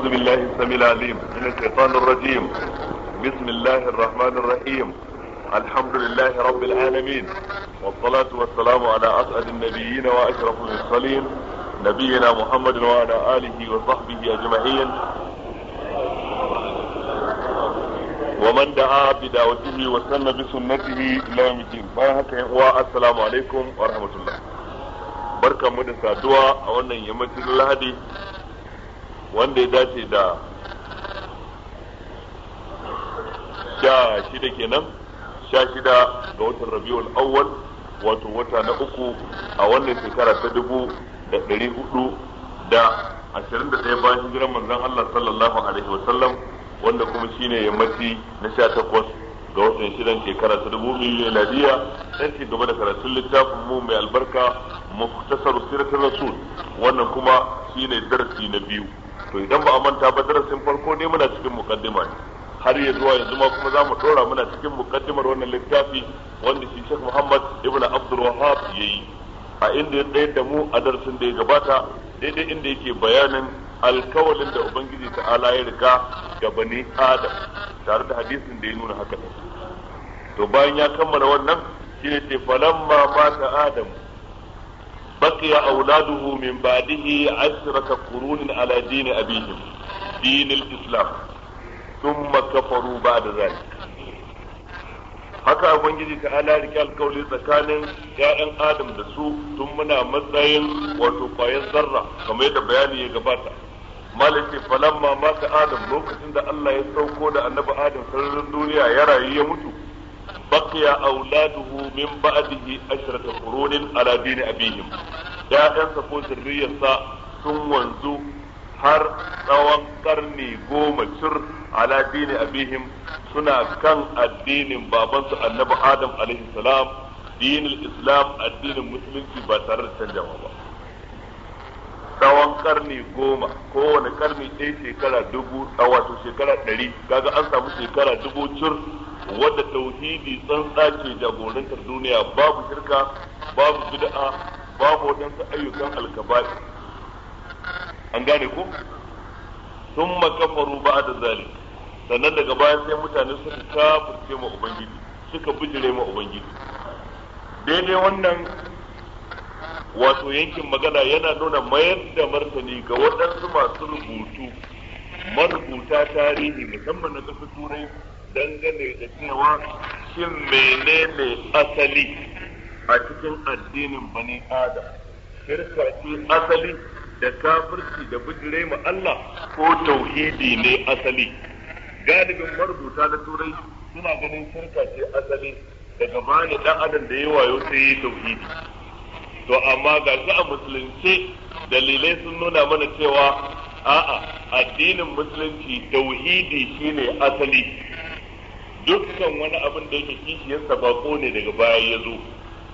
أعوذ بالله السميع العليم من الشيطان الرجيم بسم الله الرحمن الرحيم الحمد لله رب العالمين والصلاة والسلام على أسعد النبيين وأشرف المرسلين نبينا محمد وعلى آله وصحبه أجمعين ومن دعا بدعوته وسن بسنته إلى يوم الدين السلام عليكم ورحمة الله بركة مدرسة دعاء أولا يمثل الهدي wanda ya dace da sha shida kenan sha shida ga watan rabiul awwal wato wata na uku a wannan shekara ta dubu da ɗari hudu da ashirin da ɗaya bayan hijiran manzon Allah sallallahu alaihi wasallam wanda kuma shine yammaci na sha takwas ga watan shidan shekara ta dubu biyu miladiya dan ci gaba da karatun littafin mu mai albarka muftasar siratul rasul wannan kuma shine darasi na biyu to idan ba a manta ba darasin farko ne muna cikin mukaddima har ya zuwa yanzu ma kuma za mu ɗora muna cikin mukaddimar wannan littafi wanda shi shek Muhammad Ibn Abdulwahab ya yi. a inda ya tsaye da mu a darasin da ya gabata daidai inda yake bayanin alkawalin da Ubangiji ta'ala ya riga ga bani Adam tare da hadisin da ya nuna haka to bayan ya kammala wannan shi ne ce falamma mata Adam بقي أولاده من بعده عشرة قرون على دين أبيهم دين الإسلام ثم كفروا بعد ذلك haka ubangiji ta ala rike alkawali tsakanin ya'yan adam da su tun muna matsayin wato kwayan zarra kamar yadda bayani ya gabata Malice falamma mata adam lokacin da Allah ya sauko da annabi adam sararin duniya ya rayu ya mutu baqiya auladuhu min ba'dihi ashrata qurunin ala dini abihim ya'yansa ko zurriyarsa sun wanzu har tsawon karni goma cir ala dini abihim suna kan addinin babansu annabi adam alaihi salam dinin islam addinin musulunci ba tare da canjawa ba tsawon karni goma kowane karni ɗaya shekara dubu wato shekara ɗari kaga an samu shekara dubu cir wadda tauhidi tsantsa ke jagorantar duniya babu shirka babu bid'a babu wadansu ayyukan alkabari an gane ku? sun makafaru ba da zali sannan daga baya sai mutane suka kafirce ma ubangiji suka bijire ma ubangiji daidai wannan wato yankin magana yana nuna mayar da martani ga waɗansu masu rubutu marubuta tarihi musamman na ƙasar turai dangane da cewa shin menene asali a cikin addinin bani adam shirka ce asali da kafirci da bijirai ma Allah ko tauhidi ne asali galibin marubuta na turai suna ganin shirka ce asali daga bani dan adam da yawa yau sai yi tauhidi to amma ga su a musulunci dalilai sun nuna mana cewa a'a addinin musulunci tauhidi shine asali dukkan wani abin da yake kishiyarsa bako ne daga baya ya zo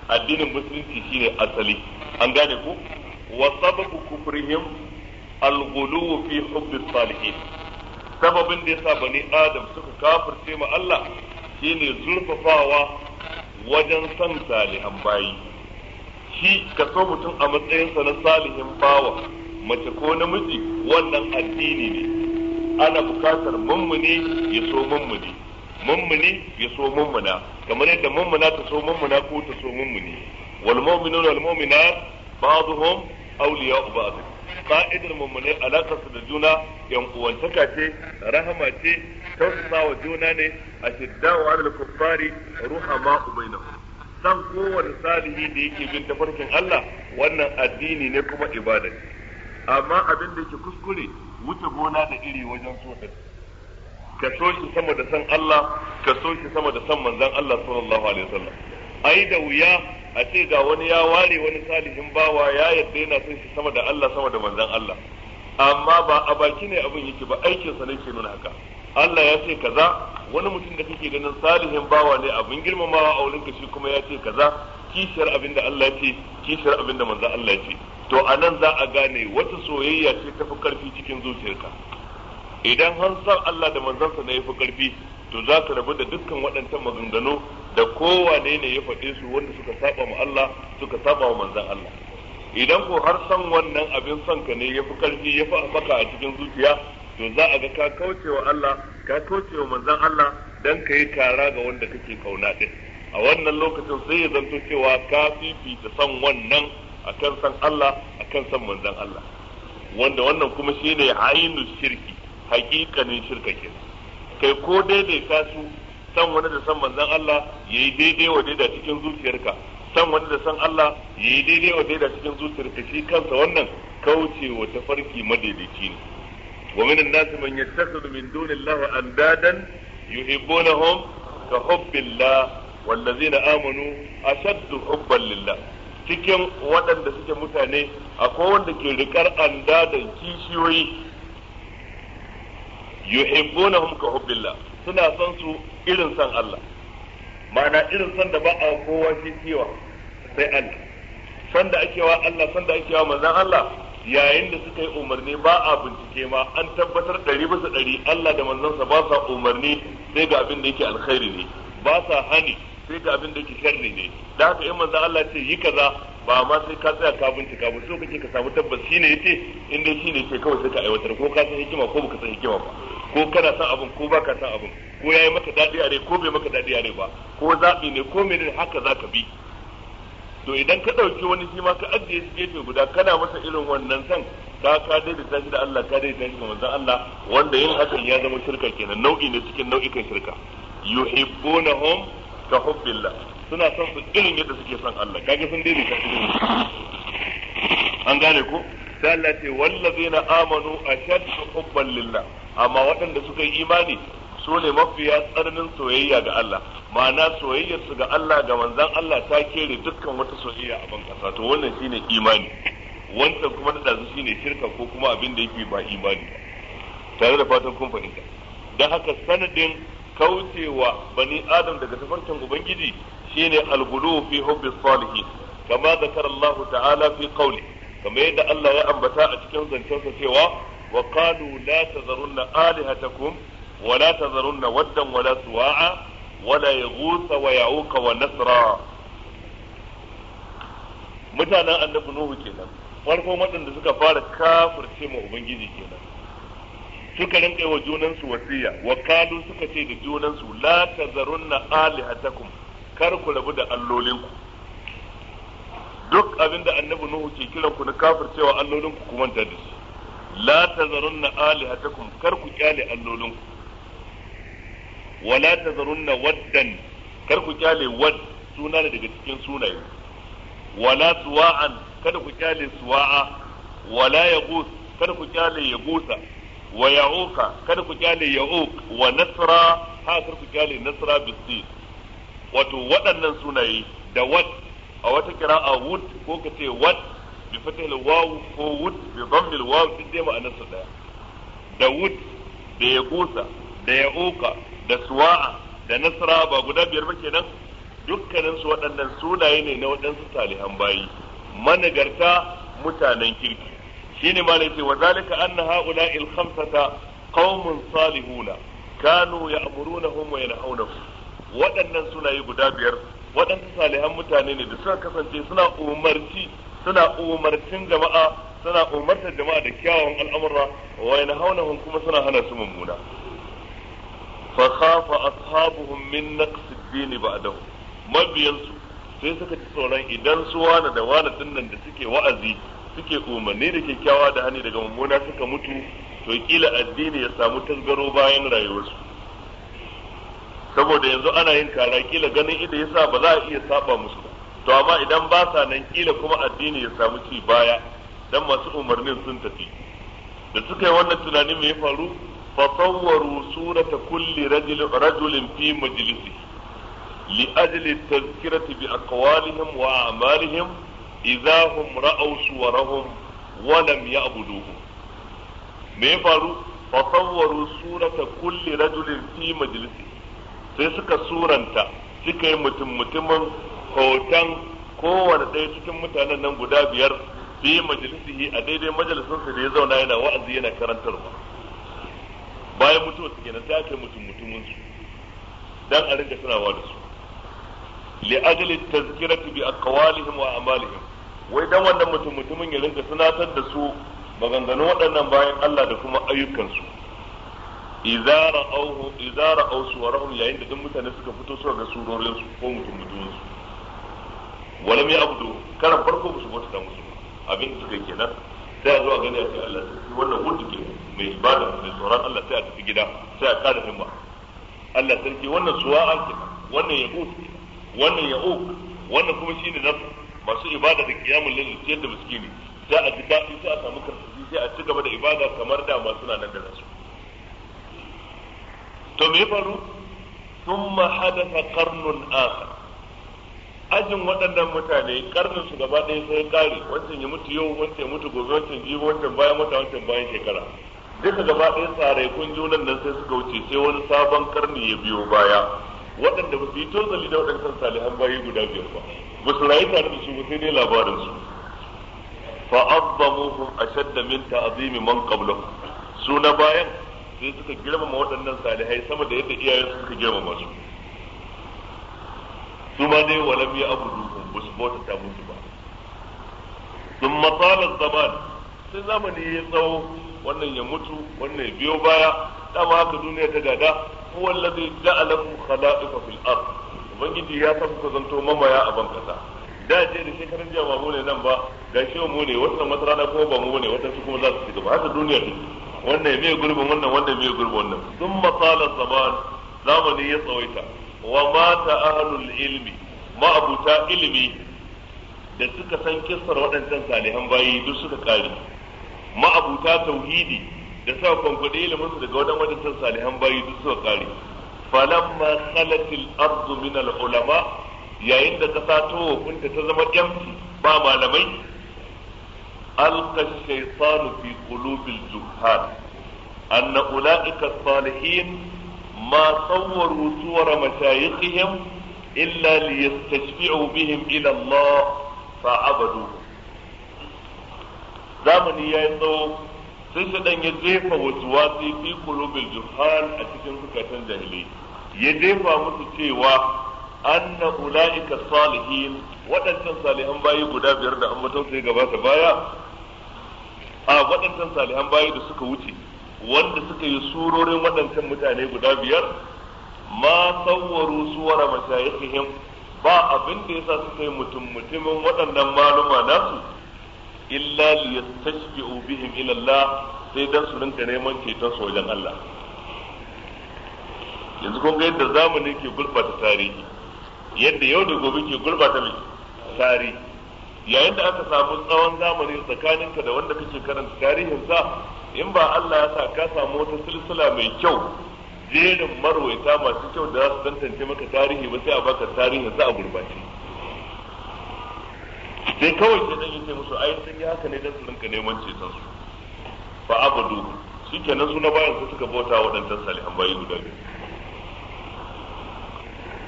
addinin musulunci shine asali an gane ku wa sababu kufrihim alghulu fi hubbi salihin sababin da yasa bani adam suka kafirce ma Allah shine zurfafawa wajen san salihan bayi shi ka so mutum a matsayinsa na salihin bawa mace ko namiji wannan addini ne ana bukatar mummuni ya so ne. mummuni ya so mummuna kamar yadda mummuna ta so mummuna ko ta so mummuni wal mu'minuna wal mu'minat ba'dhum awliya'u ba'd qa'idul mummune alakar da juna yan uwantaka ce rahama ce tausawa juna ne a shiddawa alal kuffari ruhama ubaina san kowane salihi da yake bin tafarkin Allah wannan addini ne kuma ibada amma abin da yake kuskure wuce gona da iri wajen so ka so shi sama da san Allah ka so shi sama da san manzan Allah sallallahu alaihi wasallam ai da wuya a ce ga wani ya ware wani salihin bawa ya yadda yana son shi sama da Allah sama da manzan Allah amma ba a baki ne abin yake ba aikin sa ne ke nuna haka Allah ya ce kaza wani mutum da kake ganin salihin bawa ne abin girmamawa a wurinka shi kuma ya ce kaza kishiyar abin da Allah ya ce kishiyar abin da manzan Allah ya ce to anan za a gane wata soyayya ce ta fi karfi cikin zuciyarka idan san Allah da manzansa ya fi karfi to za ka rabu da dukkan waɗancan maganganu da kowane ne ya faɗe su wanda suka saba ma Allah suka saba wa manzan Allah idan ko har san wannan abin son ka ne yafi karfi yafi afaka a cikin zuciya to za a ga ka kaucewa Allah ka kaucewa manzan Allah dan ka yi kara ga wanda kake kauna din a wannan lokacin sai ya zanto cewa ka fifita san wannan akan san Allah akan san manzan Allah wanda wannan kuma shine ainu shirki hakikanin shirka ke kai ko daidaita su san wani da san manzon Allah yayi daidai wa daida cikin zuciyarka san wani da san Allah yayi daidai wa daida cikin zuciyarka shi kansa wannan kaucewa tafarki madaidaici ne wa minan nas man yattakhidhu min dunillahi andadan yuhibbunahum ka hubbillah wallazina amanu ashaddu hubban lillah cikin waɗanda suke mutane akwai wanda ke rikar andadan kishiyoyi yuhibbunahum ka hubbillah suna son su irin san Allah ma'ana irin san da ba a kowa shi cewa sai Allah san da akewa Allah san da akewa wa manzon Allah yayin da suka yi umarni ba a bincike ma an tabbatar ɗari bisa ɗari Allah da manzansa ba sa umarni sai ga abin da yake alkhairi ne ba sa hani sai ga abin da yake sharri ne da haka in manzon Allah ce yi kaza ba ma sai ka tsaya ka bincika ba so kake ka samu tabbas shine yace in dai shine yace kawai sai ka aiwatar ko ka san hikima ko baka san hikima ba ko kana san abin ko baka son abin ko yayi maka dadi a ko bai maka dadi a ba ko zabi ne ko menene haka zaka bi to idan ka dauki wani shi ma ka ajiye shi gefe guda kana masa irin wannan san ka ka daidaita shi da Allah ka daidaita shi da manzon Allah wanda yin hakan ya zama shirka kenan nau'i ne cikin nau'ikan shirka yuhibbunahum ka hubbillah suna son su irin yadda suke son Allah kage sun daidaita shi an gane ko sallati Allah ce wallazina amanu ashaddu hubban lillah amma waɗanda suka yi imani su ne mafiya tsarnin soyayya ga Allah ma'ana soyayyar su ga Allah ga manzon Allah ta kere dukkan wata soyayya a ban kasa to wannan shine imani wancan kuma da dazu shine shirka ko kuma abin da yake ba imani tare da fatan kun fahimta dan haka sanadin kaucewa bani adam daga tafarkin ubangiji shine al-ghulu fi hubbi salihin kama zakara Allah ta'ala fi qawlihi kamar yadda Allah ya ambata a cikin zancensa cewa wa qalu la tazarunna alihatakum wa la tazarunna waddan wa la suwa'a wa la yaghutha wa ya'uqa wa nasra mutanen annabi nuhu kenan farko waɗanda suka fara kafirce ma ubangiji kenan suka rinka yi wa junansu wasiya wa kalu suka ce da junansu la tazarunna alihatakum kar ku rabu da allolinku duk abin da annabi nuhu ke kiran ku na cewa allolin ku kuma da shi la tazarunna alihatakum kar ku kyale allolin ku wala tazarunna waddan kar ku kyale wad suna ne daga cikin sunaye wala suwa'an kada ku kyale suwa'a wala yaghus kada ku kyale yaghusa wa ya'uka kada ku kyale ya'uk wa nasra ha kar ku kyale nasra bisti wato waɗannan sunaye da wad a wata kira a ko ka ce wad bi fatihil waw ko wud bi dhammil waw duk dai ma'anar su daya da wud da yaqusa da yauka da suwa'a da nasra ba guda biyar ba kenan dukkanin su waɗannan sunaye ne na waɗansu salihan bayi managarta mutanen kirki shine ma ne ce wa zalika anna ha'ula'il khamsata qaumun salihuna kanu ya'murunahum wa yanhaunahum waɗannan sunaye guda biyar waɗansu salihan mutane ne da suka kasance suna umarci suna umarcin jama'a suna umartar jama'a da kyawawan al'amura wa yanhaunahum kuma suna hana su mummuna fa khafa ashabuhum min naqs ad-din ba'dahu mabiyansu sai suka ji tsoron idan su wani da wani dinnan da suke wa'azi suke umarni da kyakkyawa da hani daga mummuna suka mutu to kila addini ya samu tasgaro bayan rayuwarsu saboda yanzu ana yin kara kila ganin ido yasa ba za a iya saba musu ba to amma idan ba sa nan kila kuma addini ya samu ci baya dan masu umarnin sun tafi da suka yi wannan tunani me ya faru fa sawwaru surata kulli rajulin fi majlisi li ajli tazkirati bi aqwalihim wa a'malihim idza hum ra'aw suwarahum wa lam ya'buduhu me ya faru fa sawwaru surata kulli rajulin fi majlisi sai suka suranta suka yi mutum mutumin hoton kowane ɗaya cikin mutanen nan guda biyar fi majalisihi a daidai majalisinsa da ya zauna yana wa'azi yana karantarwa bayan mutum su kenan sai aka yi mutum mutumin su dan a rinka sanawa da su li ajli tazkirati bi aqwalihim wa amalihim wai dan wannan mutum mutumin ya rinka sanatar da su maganganu waɗannan bayan Allah da kuma ayyukansu idza ra'awhu idza ra'aw suwarahum yayin da duk mutane suka fito suka ga surorin su ko mutum mutum su wala mai abdu karan farko ba su bauta da musu abin da suka yi kenan sai a zo a gani a ce Allah sai wannan hudu ke mai ibada mai tsoron Allah sai a tafi gida sai a kada himma Allah sarki wannan suwa an kenan wannan yabu wannan yabu wannan kuma shine nafsu masu ibada da kiyamul layl sai da miskini sai a ji daɗi sai a samu karfi sai a ci gaba da ibada kamar da masu nan da su to me faru thumma hadatha qarnun akhar ajin waɗannan mutane karnin su gaba ɗaya sai kare wancan ya mutu yau wancan ya mutu gobe wancan jibi wancan bayan wata wancan bayan shekara duka gaba ɗaya tsare kun junan nan sai suka wuce sai wani sabon karni ya biyo baya waɗanda ba su yi tozali da waɗancan salihan bayi guda biyar ba ba su rayu tare da su ba sai dai labarin su fa azzamuhum ashadda min ta'zimi man qablahum su na bayan sai suka girmama waɗannan salihai sama da yadda iyayen suka girmama su su ma dai walam ya abudu ba su ta musu ba sun matsalar zaman sai zamani ya tsawo wannan ya mutu wannan ya biyo baya dama haka duniya ta gada huwa allazi ja'alakum khala'ifa fil ard ubangiji ya san ku zanto mamaya a ban kasa da je da shekarun jiya ba mu ne nan ba da shi mu ne wata masarana kuma ba mu ne wata su kuma za su ci gaba haka duniya take wannan ya mai gurbin wannan wannan mai gurbin wannan sun matsala zaman zamani ya tsawaita wa mata ahlul ilmi ma'abuta ilimi da suka san kissar waɗancan salihan bayi duk suka kare ma'abuta tauhidi da sa kwankwaɗe ilimin su daga waɗannan waɗancan salihan bayi duk suka kare falamma khalatil ardu min al ulama yayin da kasa ta wofinta ta zama yamci ba malamai ألقى الشيطان في قلوب الجهال أن أولئك الصالحين ما صوروا صور مشايخهم إلا ليستشفعوا بهم إلى الله فعبدوه zamani ya yi tsawo sai shaɗan ya jefa wasu wasi fi kulubin juhal a cikin zukatan jahilai ya jefa musu cewa anna ula'ika salihin waɗancan salihan bayi guda biyar da an mutum sai gaba baya a waɗancan salihan bayi da suka wuce wanda suka yi surorin waɗancan mutane guda biyar ma sauwaru suwara mashayikihim ba abin da yasa suka yi mutum mutumin waɗannan maluma nasu illa li yastashbi'u bihim ila Allah sai dan su rinka neman ceton su wajen Allah yanzu kun ga yadda zamani ke gurbata tarihi yadda yau da gobe ke gurbata tarihi yayin da aka samu tsawon zamani tsakaninka da wanda kake karanta tarihin sa in ba Allah ya sa ka samu wata silsila mai kyau jerin marwaita masu kyau da za su tantance maka tarihi ba sai a baka tarihin za a gurbace sai kawai ke dan yake musu ayin sun yi haka ne dan su rinka neman ceton su fa abadu shikenan su na bayan su suka bauta waɗannan salihan bayi guda biyu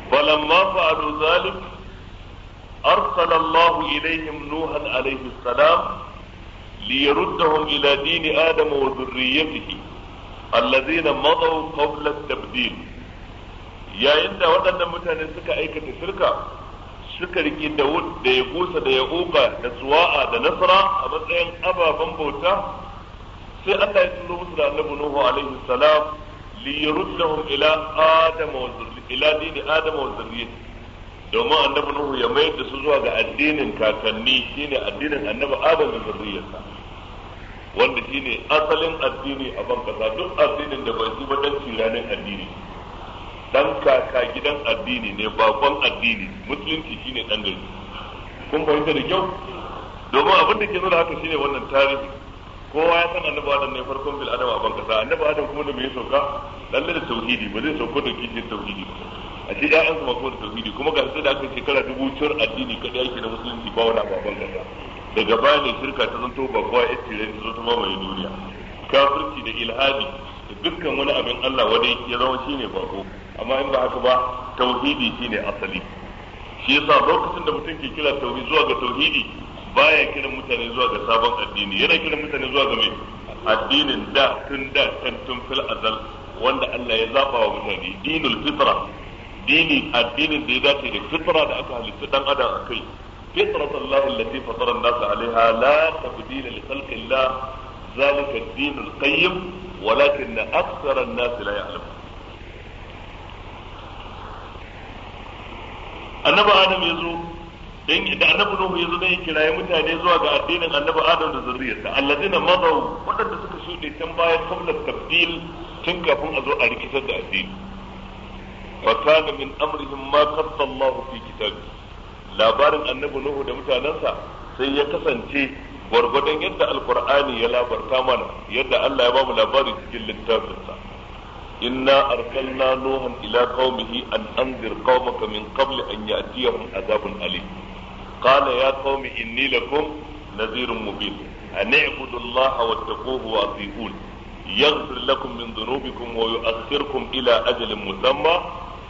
balamma fa'adu zalim أرسل الله إليهم نوحا عليه السلام ليردهم إلى دين آدم وذريته الذين مضوا قبل التبديل يا إن وطن متن سكا أيكة سركة suka riƙi da da ya kusa da ya uka da suwa'a da nasara a matsayin ababen bauta sai Allah ya turo musu da annabi Nuhu alaihi salam adama wa domin annabi nuhu ya mayar da su zuwa ga addinin kakanni shine addinin annabi adam da zurriyarsa wanda shine asalin addini a ban kasa duk addinin da bai zuba dan tiranin addini dan kaka gidan addini ne bakon addini musulunci shine dan gari kun fahimta da kyau domin abin da ke nuna haka shine wannan tarihi kowa ya san annabi adam ne farkon bil adam a ban kasa annabi adam kuma da bai sauka lalle da tauhidi ba zai sauko da kishin tauhidi ba a ce ya ansu masu da tauhidi kuma ga da aka shekara dubu cewar addini kadai ake na musulunci ba wani ababen kasa daga baya ne shirka ta zanto babba ya ce ta zo ta mai duniya kafirci da ilhadi da dukkan wani abin Allah wadai ya zama ne bako amma in ba haka ba tauhidi ne asali shi yasa lokacin da mutum ke kira tauhidi zuwa ga tauhidi baya kiran mutane zuwa ga sabon addini yana kiran mutane zuwa ga mai addinin da tun da can tun fil azal wanda Allah ya zaba wa mutane dinul fitra addini addinin da ya dace da fitra da aka halitta dan adam akai fitrat Allah allati fatara an-nasa alaiha la tabdila li khalqi Allah zalika ad walakin annabi adam yazo dan da annabi nuhu zo dan ya kiraye mutane zuwa ga addinin annabi adam da zuriyarsa alladina madaw wadanda suka shude can bayan qabla tabdil tun kafin a zo a rikitar da addini fa kana min amrihim ma qatta Allah fi labarin annabi nuhu da mutanensa sai ya kasance gwargwadon yadda alkur'ani ya labarta mana yadda Allah ya bamu labari cikin littafinsa inna arsalna nuhan ila qaumihi an anzir qaumaka min qabli an ya'tiyahum azabun alim qala ya qaumi inni lakum nadhirun mubin an i'budu allaha wattaquhu wa atihun يغفر لكم من ذنوبكم ويؤخركم إلى أجل مسمى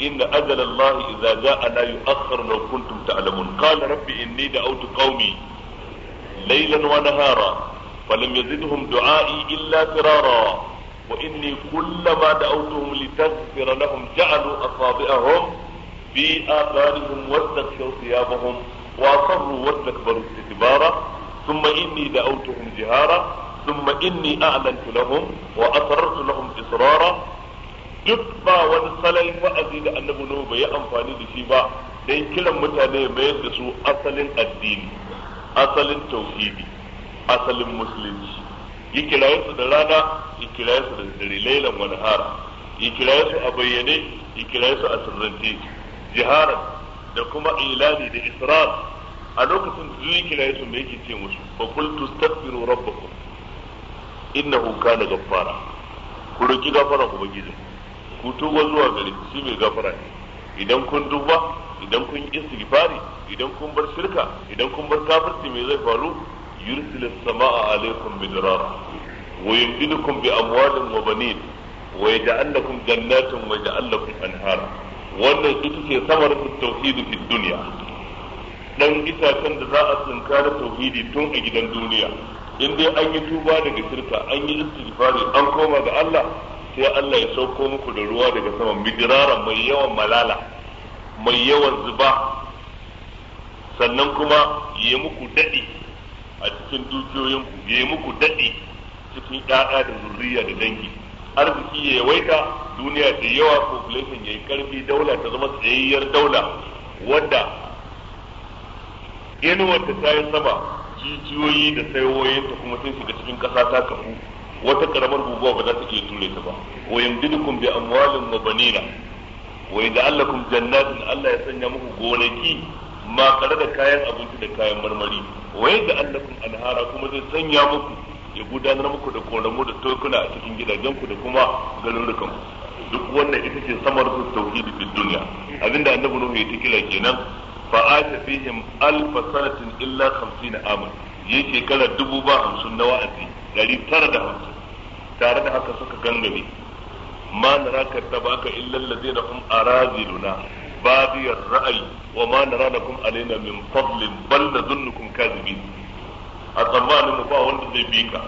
إن أجل الله إذا جاء لا يؤخر لو كنتم تعلمون قال رب إني دعوت قومي ليلا ونهارا فلم يزدهم دعائي إلا فرارا وإني كلما دعوتهم لتغفر لهم جعلوا أصابعهم في آثارهم واستغشوا ثيابهم وأصروا واستكبروا استكبارا ثم إني دعوتهم جهارا ثم إني أعلنت لهم وأسررت لهم إصرارا duk ba wani salon wa'azi da annabi nuhu bai yi amfani da shi ba dan kiran mutane mayar da su asalin addini asalin tauhidi asalin musulunci yi kirayen su da rana yi kirayen su da dare lailan wani hara yi kirayen su a bayyane yi kirayen su a sirrante. jiharan da kuma ilani da israr a lokacin da zai kirayen su mai yake ce musu fa qul tastaghfiru rabbakum innahu kana ghaffara ku roki gafara ubangijinku ku tuba zuwa gare shi mai gafara ne idan kun duba idan kun yi istighfari idan kun bar shirka idan kun bar kafirci me zai faru yursilis sama'a alaikum bidrara wa yumdidukum bi amwalin wa banin wa yaj'alukum jannatin wa yaj'alukum anhara wannan ita ce samar da tauhid fi dunya dan itacen da za a tsinka da tauhidi tun a gidan duniya in dai an yi tuba daga shirka an yi istighfari an koma ga Allah sai Allah ya sauko muku da ruwa daga sama midirara mai yawan malala mai yawan zuba sannan kuma ya muku daɗi a cikin dukiyoyinku ya muku daɗi cikin ɗaɗa da zuriya da dangi arziki ya yawaita duniya da yawa population ya yi ƙarfi daula ta zama tsayayyar daula wadda inuwar ta yi sama jijiyoyi da saiwoyinta kuma sun shiga cikin ƙasa ta kafu wata karamar guguwa ba za ta iya ture ta ba wa yamdidukum bi amwalin wa banina wa yaj'alukum jannatin Allah ya sanya muku gonaki ma kare da kayan abinci da kayan marmari wa yaj'alukum anhara kuma zai sanya muku ya gudanar muku da koramu da tokuna a cikin gidajenku da kuma garurukan duk wannan ita ce samar su tauhidi fi duniya abinda annabi nuhu ya tikila kenan fa'ata fihim alfa sanatin illa 50 aman yi kala dubu ba hamsin na wa'azi ɗari tara da hamsin tare da haka suka gangame ma ba ka taba ka illal ladina hum araziluna badiyar ra'ayi wa ma nara lakum alaina min fadlin bal da nadhunnukum kadhibin a tsammanin mu ba wanda zai bi ka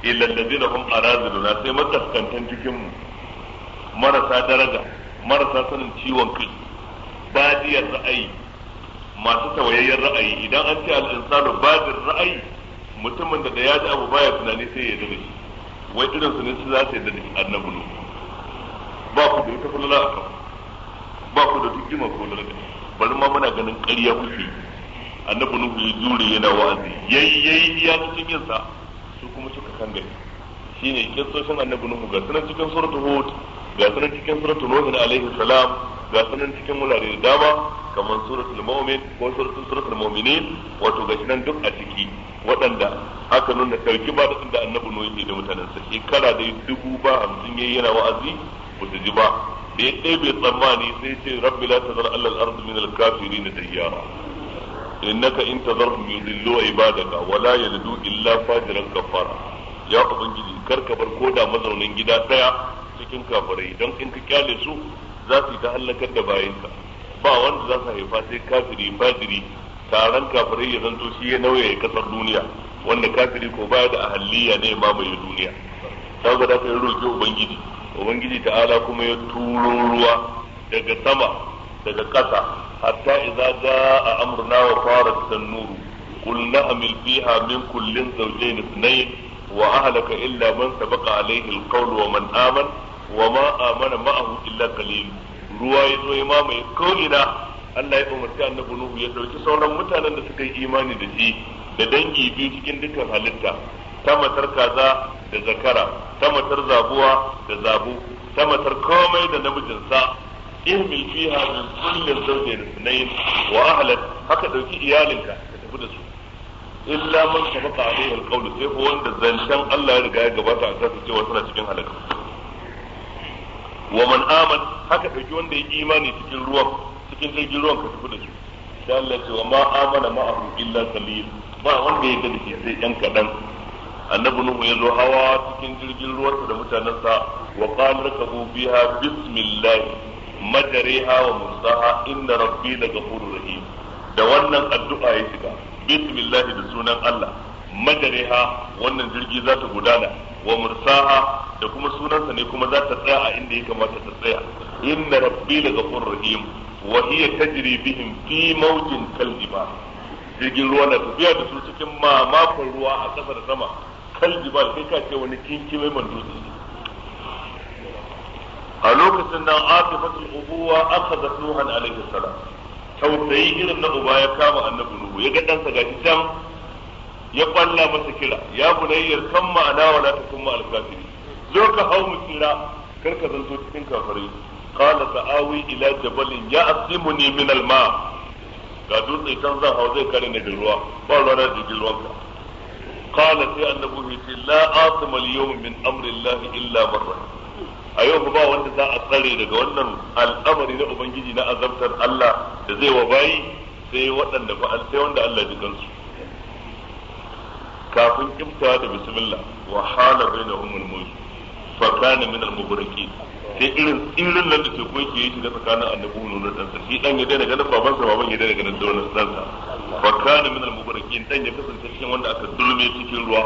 da ladina hum araziluna sai mataskantan cikin mu marasa daraja marasa sanin ciwon kai badiyar ra'ayi masu tawayayyen ra'ayi idan an ce al-insanu babir ra'ayi mutumin da da ya ji abu baya tunani sai ya yi da wai irin su ne su za su yi da shi annabi ne ba ku da ita kullala a kan ba ku da duk jima ko da bari ma muna ganin ƙarya kuke annabi ne ya jure yana wa'azi yayi ya cikin yin sa su kuma suka kan gari shine kissoshin annabi nuhu ga sunan cikin suratul hud ga sunan cikin suratul nuh alaihi salam ga sunan cikin wurare da dama kamar suratul mu'min ko suratul suratul mu'minin wato ga nan duk a ciki waɗanda aka nuna karki ba da annabi nuh yake da mutanen sa shekara da dubu ba hamsin yayi yana wa'azi ba su ji ba da ya ɗebe tsammani sai ce rabbi la tazar alal ardu min al kafirin dayyara innaka in tazarhum yudillu ibadaka wala yalidu illa fajiran kafara ya ubangiji kar ka bar koda mazaunin gida daya cikin kafirai don in ka kyale su za su yi ta hallakar da bayanka ba wanda za su haifa sai kafiri taron kafirai ya zanto shi ya nauye kasar duniya wanda kafiri ko baya da ahalliya ne mamaye duniya saboda haka ya roki ubangiji ubangiji ta'ala kuma ya turo ruwa daga sama daga ƙasa hatta idza jaa amruna wa farat tanuru قلنا أمل فيها من كل زوجين اثنين وأهلك إلا من سبق عليه القول ومن آمن wa ma amana ma'ahu illa qalil ruwa ya zo ya mamaye ko Allah ya umarci annabi Nuhu ya dauki sauran mutanen da suka yi imani da shi da dangi biyu cikin dukkan halitta ta matar kaza da zakara ta matar zabuwa da zabu ta matar komai da namijinsa ihmil fiha min kulli zawjin ithnayn wa ahlak haka dauki iyalinka ka tafi da su illa man sabaqa alaihi alqawl sai ko wanda zancen Allah ya riga ya gabata a kansa cewa suna cikin halaka wa man aman haka dauki wanda ya imani cikin ruwan cikin jirgin ruwan ka tafi da shi da Allah ce wa ma amana ahu illa qalil ba wanda ya gani sai yan kadan annabi nuhu ya zo hawa cikin jirgin ruwansa da mutanensa wa qala rakabu biha bismillah majariha wa musaha inna rabbi la ghafurur rahim da wannan addu'a ya shiga bismillah da sunan Allah madariha wannan jirgi za ta gudana wa mursaha da kuma sunansa ne kuma za ta tsaya a inda ya kamata ta tsaya inna rabbi la ghafur rahim wa hiya tajri bihim fi mawjin kaljiba jirgin ruwa na tafiya da su cikin mamakon ruwa a kasar sama kaljiba sai ka ce wani kinki mai dutse a lokacin nan aqifatul ubuwa akhadhat nuhan alaihi salam tausayi irin na uba ya kama annabi nuhu ya ga ɗansa sagaji jam' ya kwalla masa kira ya bunayyar kan ma'ana wa la takun ma al-kafiri zo ka hau mu kira kar ka zanto cikin kafirai qala ta'awi ila jabalin ya asimuni min al-ma ga dutse can zan hau zai kare ni da ruwa ba ruwa da jigin ruwanka qala sai annabi ya ce la asima al-yawm min amri Allah illa barra a yau ba wanda za a tsare daga wannan al'amari na ubangiji na azabtar Allah da zai wa bayi sai waɗanda sai wanda Allah ya ji kansu kafin kiftawa da bismillah wa hala bainahum al-mulk fa kana min al-mubaraki sai irin tsirin nan da ke ko yake shiga tsakanin annabi nuhu da dan sarki dan ya daina ganin baban sa baban ya daina ganin dole dan sa fa kana min al-mubarakin dan ya kasance cikin wanda aka dulme cikin ruwa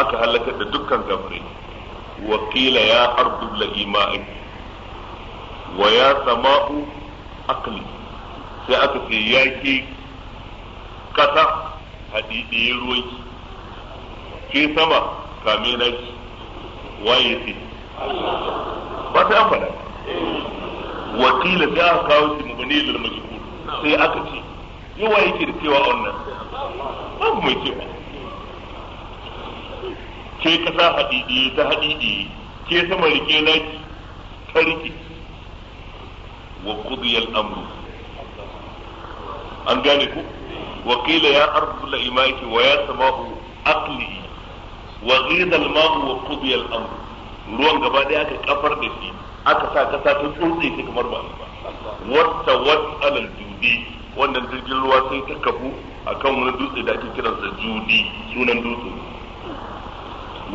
aka halaka da dukkan kafirai wa qila ya ardu la ma'ak wa ya sama'u aqli sai aka ce ya ke kasa hadidiye ruwanki ke sama kame na ki waye ce ba sai an faɗa wakila sai aka kawo shi mu bane lil majhul sai aka ce yi waye ke da cewa a wannan babu mai cewa ke kasa hadidi ta hadidi ke sama rike na ki ta rike wa qudiyal amru an gane ku wakila ya ardu la imaki wa ya samahu aqli wa ghidha al-ma'u wa qudiya al-amr ruwan gaba daya aka kafar da shi aka sa kasa ta tsotse ta kamar ba wata wata al-judi wannan jirgin ruwa sai ta kafu akan wani dutse da ake kiransa judi sunan dutse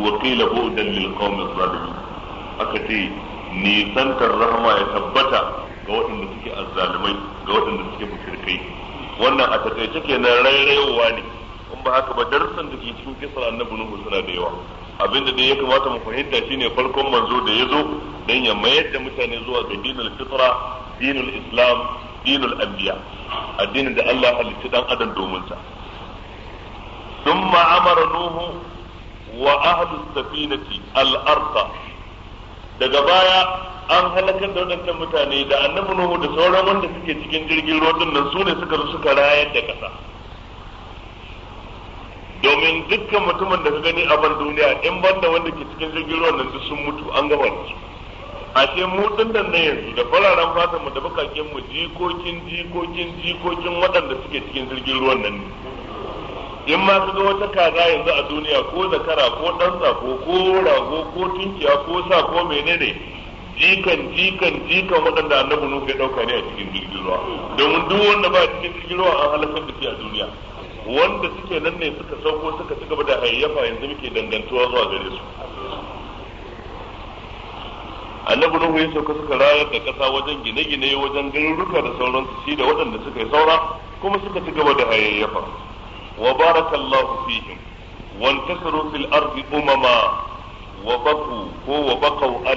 wa qila bu'dan lil qawmi zalimin aka ce nisantar rahama ya tabbata ga waɗanda suke azzalumai ga waɗanda suke mushrikai wannan a takaice kenan rairayowa ne ba haka ba darsan da ke cikin kisar annabi nuhu suna da yawa abinda dai ya kamata mu fahimta shine farkon manzo da ya zo dan ya mayar da mutane zuwa ga dinul fitra dinul islam dinul anbiya addinin da Allah halitta dan adam domin sa thumma amara nuhu wa ahli safinati al-arsa daga baya an halakar da waɗancan mutane da annabi nuhu da sauran wanda suke cikin jirgin ruwan nan su ne suka zo suka rayar da kasa domin dukkan mutumin da ka gani a ban duniya in banda wanda ke cikin jirgin ruwan nan sun mutu an gaba da su a ce mu din na yanzu da fararen fatan mu da bakakin mu jikokin jikokin jikokin waɗanda suke cikin jirgin ruwan nan ne in ma ka ga wata kaza yanzu a duniya ko zakara ko ɗan ko ko rago ko tunkiya ko sa ko menene jikan jikan jikan waɗanda annabi nuhu ya ɗauka ne a cikin jirgin ruwa domin duk wanda ba cikin jirgin ruwa an halakar da shi a duniya wanda suke nan ne suka sauko suka ci gaba da hayyafa yanzu muke dangantuwa zuwa gare su annabi nuhu ya sauka suka rayar da kasa wajen gine-gine wajen garuruka da sauransu shi da waɗanda suka yi saura kuma suka ci gaba da hayayyafa wa barakallahu fihim وانتصروا في الأرض أمما وبقوا wa بقوا ko wa وبقوا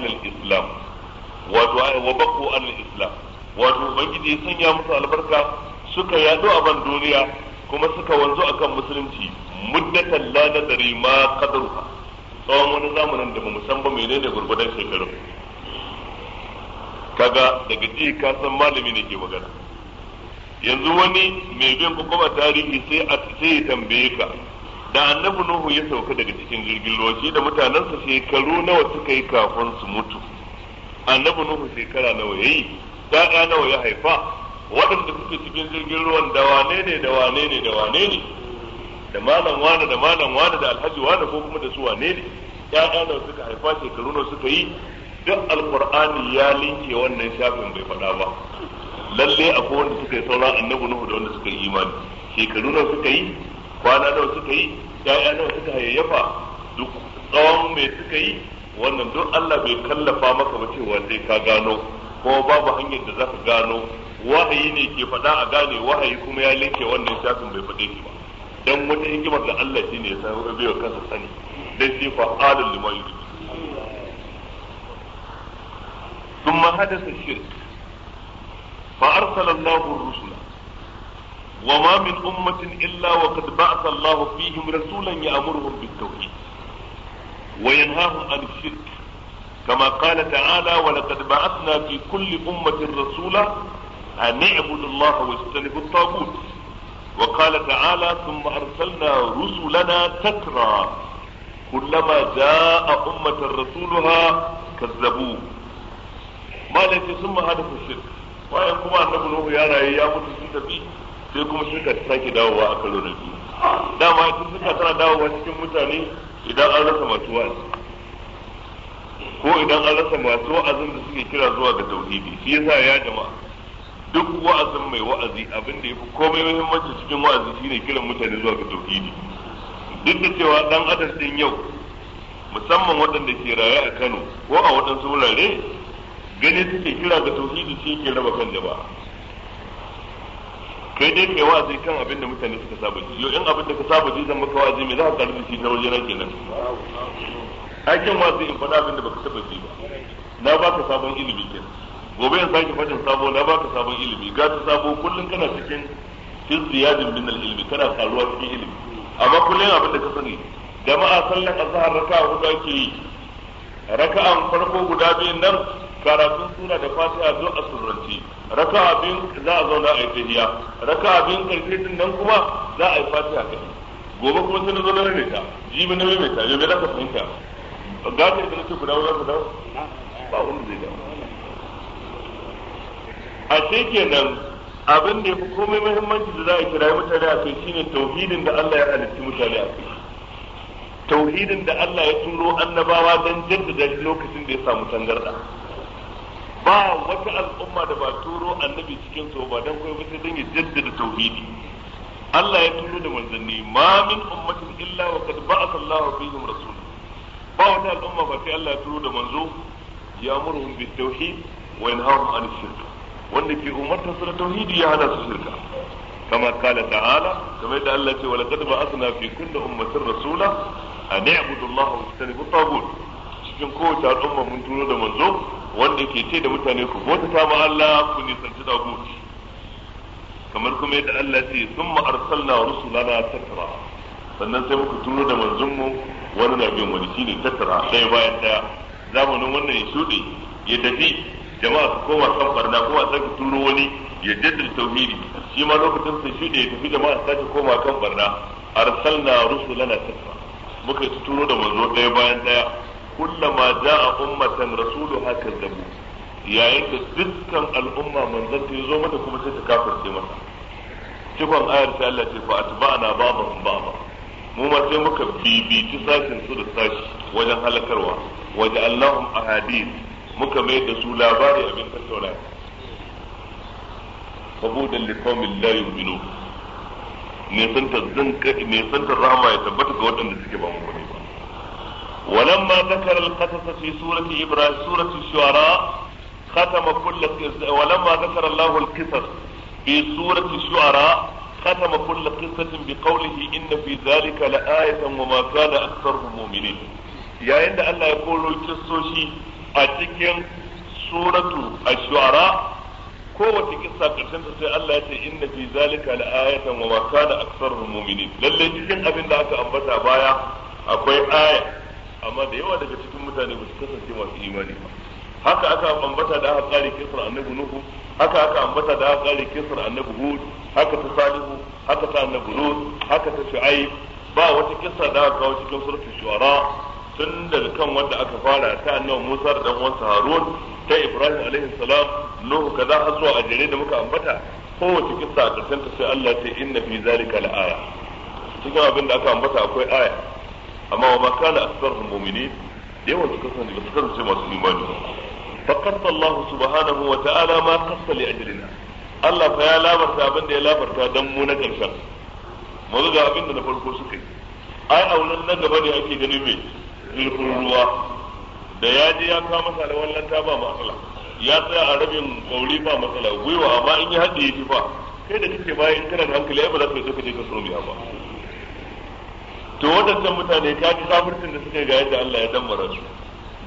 alal islam wato ubangiji ya sanya musu albarka suka yadu a ban duniya kuma suka wanzu a kan musulunci muddatan la nadari ma qadruha tsawon wani zamanin da bamu san ba menene gurgudan shekarun kaga daga ji ka san malami ne ke magana yanzu wani mai bin kuma tarihi sai a sai ya tambaye ka da annabi nuhu ya sauka daga cikin jirgin ruwa shi da mutanensa shekaru nawa suka yi kafin su mutu annabi nuhu shekara nawa yayi da'a nawa ya haifa waɗanda suke cikin jirgin ruwan da wane ne da wane ne da wane ne da malam wane da malam wane da alhaji wane ko kuma da su wane ne ya da suka haifa shekaru nawa suka yi duk alkur'ani ya linke wannan shafin bai faɗa ba lalle akwai wanda suka yi sauran annabi nuhu da wanda suka yi imani shekaru nawa suka yi kwana nawa suka yi ƴaƴa nawa suka hayayyafa duk tsawon me suka yi wannan duk Allah bai kallafa maka ba cewa sai ka gano ko babu hanyar da zaka gano wahayi ne ke faɗa a gane wahayi kuma ya linke wannan shafin bai faɗe shi ba dan wata hikimar da Allah shi ne ya san bai kansa sani dan shi fa'alul lima yuridu ثم حدث الشرك فأرسل الله الرسل وما من أمة إلا وقد بعث الله فيهم رسولا يأمرهم بالتوحيد وينهاهم عن الشرك كما قال تعالى ولقد بعثنا في كل أمة رسولا أن اعبدوا الله واجتنبوا الطاغوت وقال تعالى ثم أرسلنا رسلنا تترى كلما جاء أمة رسولها كذبوه ما ليس ثم هدف الشرك وإن كما annabi Nuhu يا رأي يا mutu sun tafi sai kuma shirka ta sake dawowa a karo na biyu dama ita shirka tana dawowa cikin mutane ko idan an rasa masu wa'azin da suke kira zuwa ga tauhidi shi yasa ya jama'a duk wa'azin mai wa'azi abin da yafi komai muhimmanci cikin wa'azi shine kiran mutane zuwa ga tauhidi duk da cewa dan adam din yau musamman waɗanda ke raye a Kano ko a waɗansu wurare gani suke kira ga tauhidi shi yake raba kan ba kai dai kai wa'azi kan abin da mutane suka saba ji yau in abin da ka saba ji zan maka wa'azi me za ka karbi shi na wajen rake nan aikin wa'azi in faɗa abin da baka saba ji ba na baka sabon ilimi kenan gobe yanzu sake fadin sabo na baka sabon ilimi ga ta sabo kullum kana cikin cikin ziyadin min ilimi kana karuwa cikin ilimi amma kullum abin da ka sani jama'a sallan azhar raka'a hudu ke yi raka'an farko guda biyun nan karatun sura da fatiha zo a surranci raka'a biyun za a zauna a yi tahiya raka'a biyun karfe din nan kuma za a yi fatiha kai gobe kuma sai na zo na rare ta jibi na ta yau me za ka fahimta gata idan na ce guda ka guda ba wanda zai dawo a ce kenan abin da ya fi komai muhimmanci da za a kira mutane a kai shine tauhidin da Allah ya halitta mutane a kai tauhidin da Allah ya turo annabawa don jaddada lokacin da ya samu tangarda ba wata al'umma da ba turo annabi cikin su ba don koyi sai don ya jaddada tauhidi Allah ya turo da manzanni ma min ummatin illa wa kad ba'atha Allahu fihim rasul ba wata al'umma ba sai Allah ya turo da manzo ya amuruhum bi tauhid wa yanhahu anil shirk wanda ke umarta su da tauhidi ya hada su shirka kama kala ta'ala kamar da Allah ce walaqad ba'athna fi kulli ummatin rasula an ya'budu Allah wa yajtanibu taghut cikin kowace al'umma mun turo da manzo wanda ke ce da mutane ku bota ta ma Allah ku nisanci taghut kamar kuma yadda Allah ce summa arsalna rusulana tatra sannan sai muka turo da manzonmu wani na bin wani shine tattara sai bayan daya zamanin wannan ya shuɗe ya tafi jama'a su koma kan barna ko a sake turo wani ya jaddada tauhidi shi ma lokacin shi da ya tafi jama'a su sake koma kan barna arsalna rusulana tafa muka yi turo da manzo ɗaya bayan ɗaya kullama za'a ummatan haka zabu yayin da dukkan al'umma manzon ta zo mata kuma sai ta kafirce mata cikon ayar ta Allah ce fa atba'na ba'dahum ba'dha mu ma sai muka bibici sashin su da sashi wajen halakarwa wajen ahadith muka mai da su labari abin tattauna Saboda liqaumin la yu'minu ne santa zanka ne ya tabbata ga waɗanda suke ba mu ba ولما ذكر القصص في سورة إبراهيم سورة الشعراء ختم كل ولما ذكر الله القصص في سورة الشعراء ختم كل قصة بقوله إن في ذلك لآية وما كان أكثرهم مؤمنين yayin da Allah ya koro kissoshi a cikin suratu a shuara kowace kisa karshen ta sai Allah ya ce inna fi zalika la'ayatan wa ma kana aktsaruhum mu'minin lalle cikin abin da aka ambata baya akwai aya amma da yawa daga cikin mutane ba su kasance masu imani ba haka aka ambata da aka kare kisar annabi nuhu haka aka ambata da aka kare kisar annabi hud haka ta salihu haka ta annabi lut haka ta shu'aib ba wata kisa da aka kawo cikin suratul shu'ara Sun daga kan wanda aka fara ta annabi Musa da dan uwansa Harun ta Ibrahim alaihi salam Nuhu kaza har zuwa ajire da muka ambata kowace kissa a ƙarshen ta sai Allah ta inna fi zalika la'aya cikin abin da aka ambata akwai aya amma wa makana asrarhum mu'minin da yawan su kasance ba su kasance masu imani ba fakasta Allah subhanahu wa ta'ala ma kasta li ajrina Allah fa ya labarta abin da ya labarta dan mu na karshen. mu ga abin da na farko suka yi ai a wurin na gaba ne ake ganin me zurfin ruwa da ya je ya kama masa ta ba matsala ya tsaya a rabin kauri ba matsala gwiwa amma in yi haɗe shi ba kai da kake bayan kana da hankali ai ba za ka zo ka je ka so miya ba to waɗannan mutane ka ji kafircin da suke ga yadda Allah ya dambara su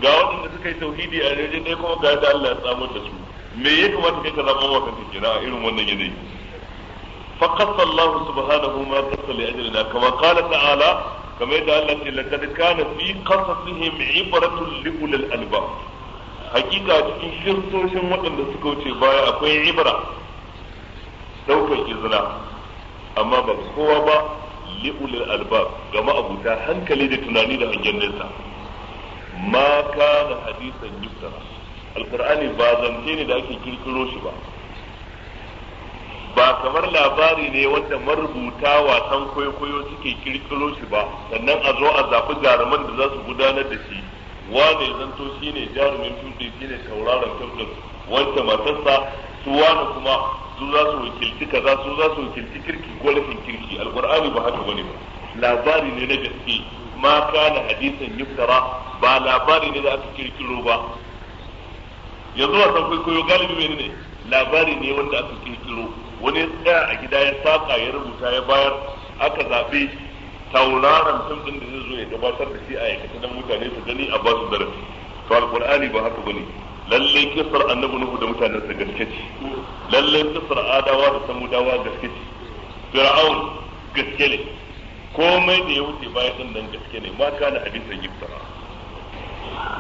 ga waɗanda suka yi tauhidi a rajin ɗaya kuma ga yadda Allah ya samar da su me ya kamata kai ka zama wa kanka kenan a irin wannan yanayi فقص الله سبحانه ما قص لأجلنا كما قال تعالى kamar yadda Allah ce laqad kana fi qasasihim ibratun li ulil albab hakika cikin shirsoshin waɗanda suka wuce baya akwai ibra daukar izina amma ba kowa ba li ulil albab ga ma'abuta hankali da tunani da hangen nesa ma kana hadisan yuftara ba zance ne da ake kirkiro shi ba ba kamar labari ne wanda marubuta wasan kwaikwayo suke kirkiro shi ba sannan a zo a zaɓi jaruman da za su gudanar da shi wane zanto shi ne jarumin tuɗe shi ne tauraron kyautar wanda matarsa su wane kuma su za su wakilci kaza su za su wakilci kirki ko lafin kirki alƙur'ani ba haka wani ba labari ne na gaske ma kana hadisan yuftara ba labari ne da aka kirkiro ba yanzu wasan kwaikwayo galibi ne labari ne wanda aka kirkiro wani tsaya a gida ya saka ya rubuta ya bayar aka zaɓe tauraron tun din da zai zo ya gabatar da shi a aikata don mutane su gani a ba su darasi to alqur'ani ba haka bane lalle kisar annabi nuhu da mutanen sa gaske ce lalle kisar adawa da samudawa gaske ce fir'aun gaske ne komai da ya wuce bayan din nan gaske ne ma kana hadisan yibtara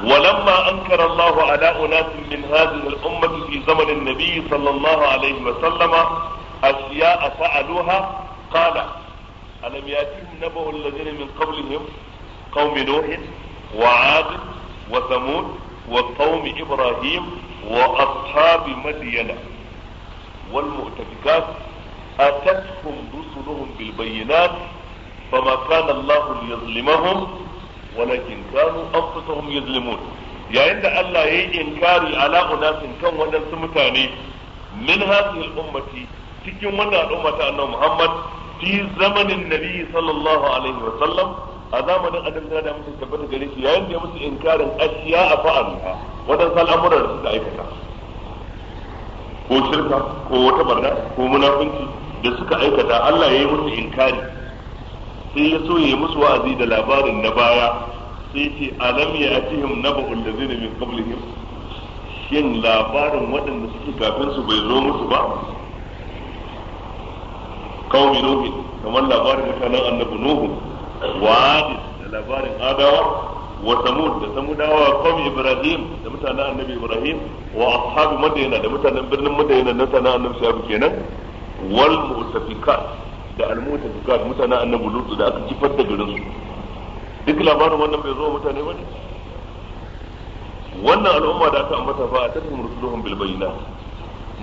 ولما أنكر الله على أناس من هذه الأمة في زمن النبي صلى الله عليه وسلم أشياء فعلوها قال ألم يأتهم نبأ الذين من قبلهم قوم نوح وعاد وثمود وقوم إبراهيم وأصحاب مدين والمؤتفكات أتتهم رسلهم بالبينات فما كان الله ليظلمهم walakin kanu anfusahum yuzlimun yayin da Allah yayi inkari ala unasin kan wadansu mutane min hadhihi ummati cikin wannan al'umma ta annabi Muhammad fi zamanin nabi sallallahu alaihi wa sallam a zamanin adam da da musu tabbata gare shi yayin da ya musu inkarin ashiya a fa'alha wadansu al'amuran da suka aikata ko shirka ko wata barna ko munafunci da suka aikata Allah ya yi musu inkari sai ya so ya musu wa'azi da labarin na baya sai ce alam ya atihim naba'ul ladzina min qablihim shin labarin waɗanda suke kafin su bai zo musu ba kawai nuhu kamar labarin mutanen annabi nuhu wadi da labarin adawa wa samud da samudawa kawai ibrahim da mutanen annabi ibrahim wa ashabu madina da mutanen birnin madina na sanan annabi shabu kenan wal mutafikat da almuta duka mutane annabi lutsu da aka kifar da garin su duk labarin wannan bai zo mutane bane wannan al'umma da aka ambata fa a tattalin rusuluhun bilbayina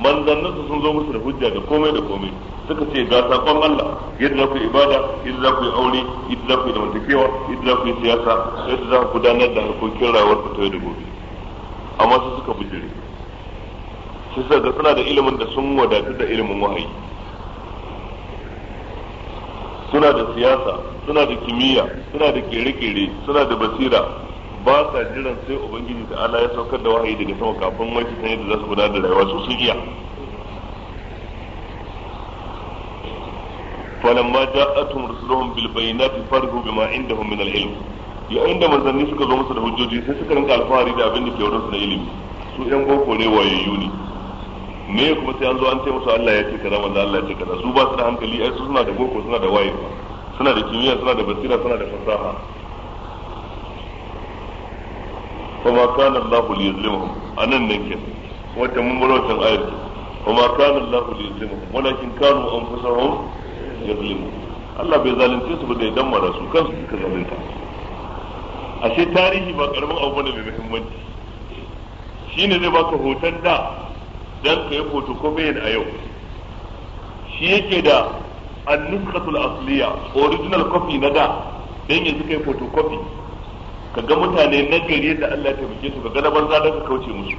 manzannin su sun zo musu da hujja da komai da komai suka ce ga sakon Allah yadda za ku ibada yadda za ku yi aure yadda za ku yi zamantakewa yadda za ku yi siyasa yadda za ku gudanar da harkokin rayuwar ku ta yau da gobe amma su suka bijire shi suka ga suna da ilimin da sun wadatu da ilimin wahayi suna da siyasa suna da kimiyya suna da kere-kere suna da basira ba sa jiran sai ubangiji da ala ya saukar da wahayi daga sama kafin wai san yadda za su gudanar da rayuwa su sun iya falamma ja'atuhum rusuluhum bil bayyinati farhu bima indahum min al ya yayin da manzanni suka zo musu da hujjoji sai suka rinka alfahari da abin da ke wurin na ilimi su yan boko ne ne me kuma sai an zo an ce musu Allah ya ce kaza manzo Allah ya ce kaza su ba su da hankali ai su suna da boko suna da wayewa suna da kimiyya suna da basira suna da fasaha kuma kana Allah li yuzlimuhum anan ne ke wata mun bar wannan ayar kuma kana Allah li yuzlimuhum walakin kanu anfusahum yuzlimun Allah bai zalunce su ba da idan mara su kansu suka zalunta ashe tarihi ba karamin abu ne mai muhimmanci shine zai baka hoton da dan kayi yi ko meyin a yau shi yake da annuskatul asliya orijinal copy na da dan yanzu kai photocopy ka ga mutane na gari da Allah ya tabbace su ka ga nan za ka kauce musu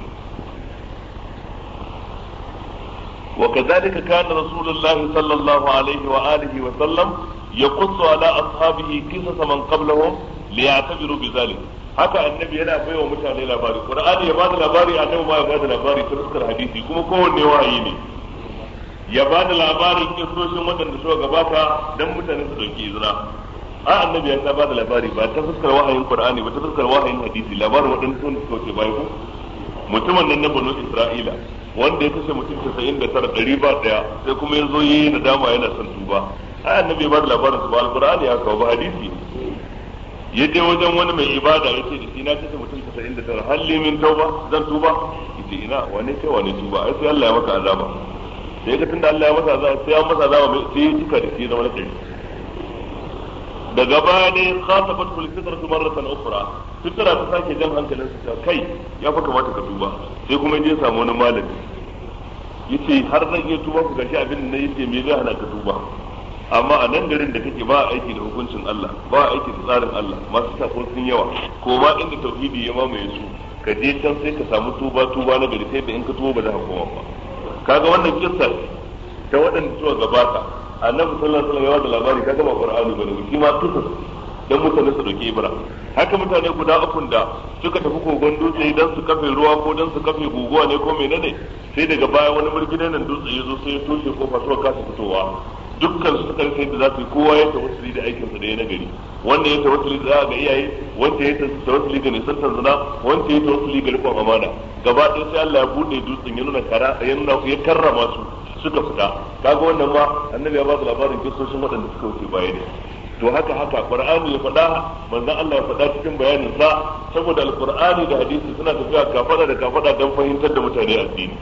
wa kadhalika kana rasulullahi sallallahu alaihi wa alihi wa sallam yaqussu ala ashabihi qisasa man qablahum liya'tabiru bi dhalika haka annabi yana baiwa mutane labari qur'ani ya bada labari annabi ma ya bada labari ta fuskar hadisi kuma kowanne wahayi ne ya bada labarin madan da so gabata dan mutane su dauki izina a annabi ya ta bada labari ba ta fuskar wahayin qur'ani ba ta fuskar wahayin hadisi labarin wadan sun so wuce bai ku. mutumin nan na banu isra'ila wanda ya kashe mutum 99 ɗari ba daya sai kuma ya zo yi nadama yana son tuba a annabi ya bada labarin su ba alqur'ani ya kawo ba hadisi ya je wajen wani mai ibada ya ce da shi na kashe mutum casa'in da tara halli min tauba zan tuba yace ina wane ce wane tuba ai sai Allah ya maka azaba sai ka tunda Allah ya masa azaba sai ya masa azaba mai sai ya cika da shi zama na kai daga baya ne khasafat su fitra marratan ukhra fitra ta sake jan hankalin sa kai ya fa kamata ka tuba sai kuma ya je samu wani malami yace har zan iya tuba ku gashi abin da yace me zai hana ka tuba amma a nan garin da kake ba aiki da hukuncin Allah ba aiki da tsarin Allah masu sako sun yawa ko ma inda tauhidi ya mamaye su ka je can sai ka samu tuba tuba na gari sai da in ka tuba ba za ka koma ba kaga wannan kissa ta waɗanda suka gabata annabi sallallahu alaihi wasallam ya da labari kaga ba qur'ani bane shi ma kissa dan mutane su dauke ibra haka mutane guda uku da suka tafi kogon dutse dan su kafe ruwa ko dan su kafe guguwa ne ko menene sai daga baya wani nan dutse ya zo sai ya toshe kofa suka kasa fitowa dukkan su karfe da za su yi kowa ya tawassuli da aikin sa da ya nagari wanda ya tawassuli da ga iyaye wanda ya tawassuli ga nisantar zina wanda ya tawassuli ga rikon amana gaba ɗaya sai Allah ya buɗe dutsen ya nuna kara ya nuna ya karrama su suka fita kaga wannan ma annabi ya ba su labarin kisoshin waɗanda suka wuce baya ne to haka haka qur'ani ya faɗa manzon Allah ya faɗa cikin bayanin sa saboda alqur'ani da hadisi suna tafiya kafada da kafada don fahimtar da mutane addini